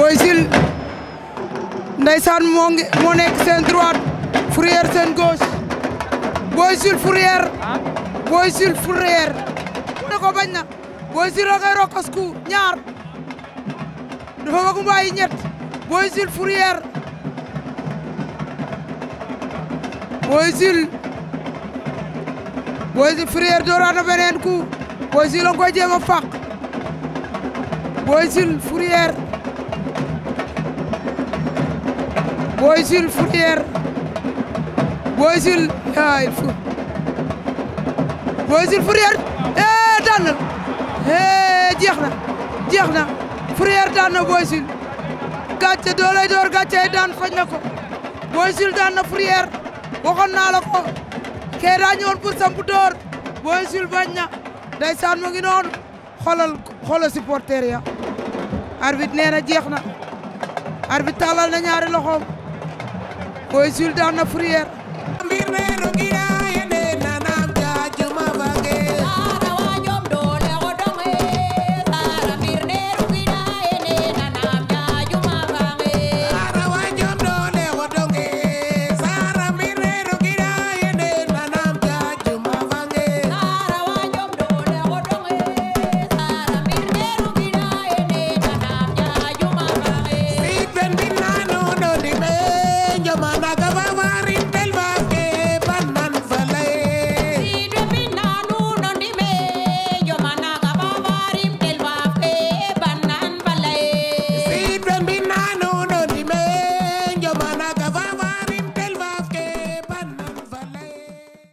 Boy Jules ndeysaan moo ngi moo nekk seen droite Fourrière seen gauche Boy Jules Fourrière Boy Jules Fourrière da ko bañ na Boy Jules rokay rokas ku ñaar dafa wagu mbayi ñett Boy Jules Fourrière Boy na beneen ku Boy Jules a ngi koy jéem a fàq Boy Jules Fourrière Boy Jules ah il faut Boy Jules Fourrière eh daan na eh jeex na jeex na Fourrière daan na Boy Jules gàcce doo lay door gàcce daan faj na ko Boy Jules daan na Fourrière waxoon naa la ko kee daa ñëwoon pour door Boy Jules bañ na ndeysaan mu ngi noonu xoolal xoolal supporter ya arbitre nee na jeex na arbitre tàllal na ñaari loxoom Boy Jules daan na Fourrière.